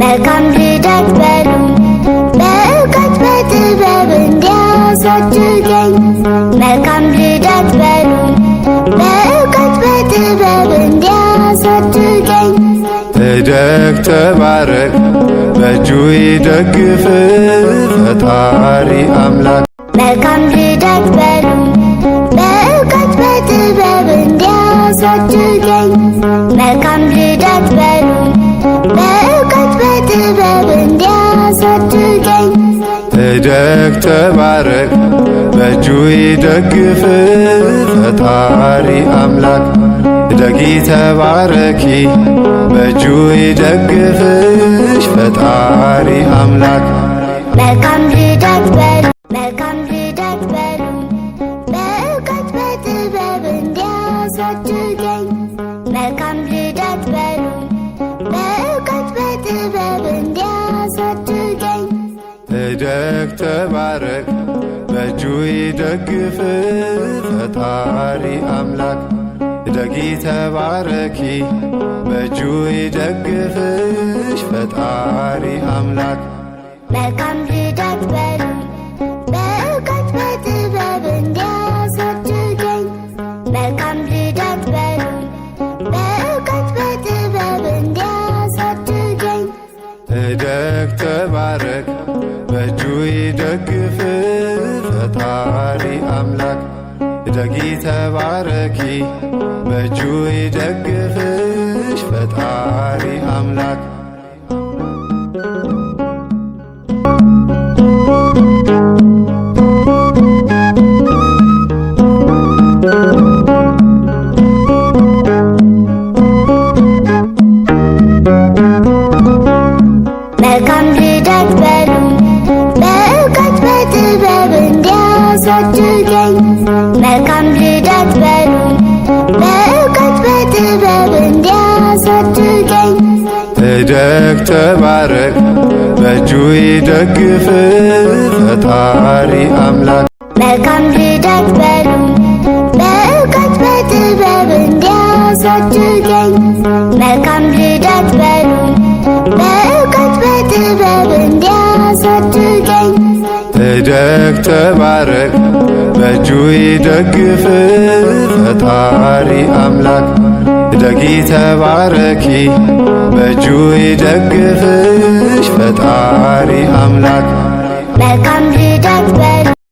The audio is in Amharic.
መልካም ልደት በሉ በእውቀት በጥበብ እንዲያሳድገኝ መልካም ልደት በሉ በእውቀት በጥበብ እንዲያሳድገኝ እደግ ተባረክ በእጁ ይደግፍ ፈጣሪ አምላክ መልካም ልደት በሉ በእውቀት በጥበብ እንዲያሳድገኝ መልካም ልደት በሉኝ በእውቀት በጥበብ እንዲያሳድገኝ እደግ ተባረክ በእጁ ይደግፍ ፈጣሪ አምላክ እደጊ ተባረኪ በእጁ ይደግፍሽ ፈጣሪ አምላክ መልካም ልደት በሉ መልካም ልደት በሉኝ በእውቀት በጥበብ እንዲያሳድገኝ መልካም ተባረክ ተባረክ በእጁ ይደግፍ ፈጣሪ አምላክ እደጊ ተባረኪ በእጁ ይደግፍሽ ፈጣሪ አምላክ መልካም ልደት በሉኝ ደግፍ ፈጣሪ አምላክ እደጊ ተባረኪ በእጁ ይደግፍሽ ፈጣሪ አምላክ አሳድገኝ መልካም ልደት በሉ በእውቀት በጥበብ እንዲያሳድገኝ እደግ ተባረክ በእጁ ይደግፍ ፈጣሪ አምላክ መልካም ልደት በሉ በእውቀት በጥበብ እንዲያሳድገኝ መልካም ልደት በሉ እደግ ተባረክ በእጁ ይደግፍ ፈጣሪ አምላክ እደጊ ተባረኪ በእጁ ይደግፍሽ ፈጣሪ አምላክ መልካም ልደት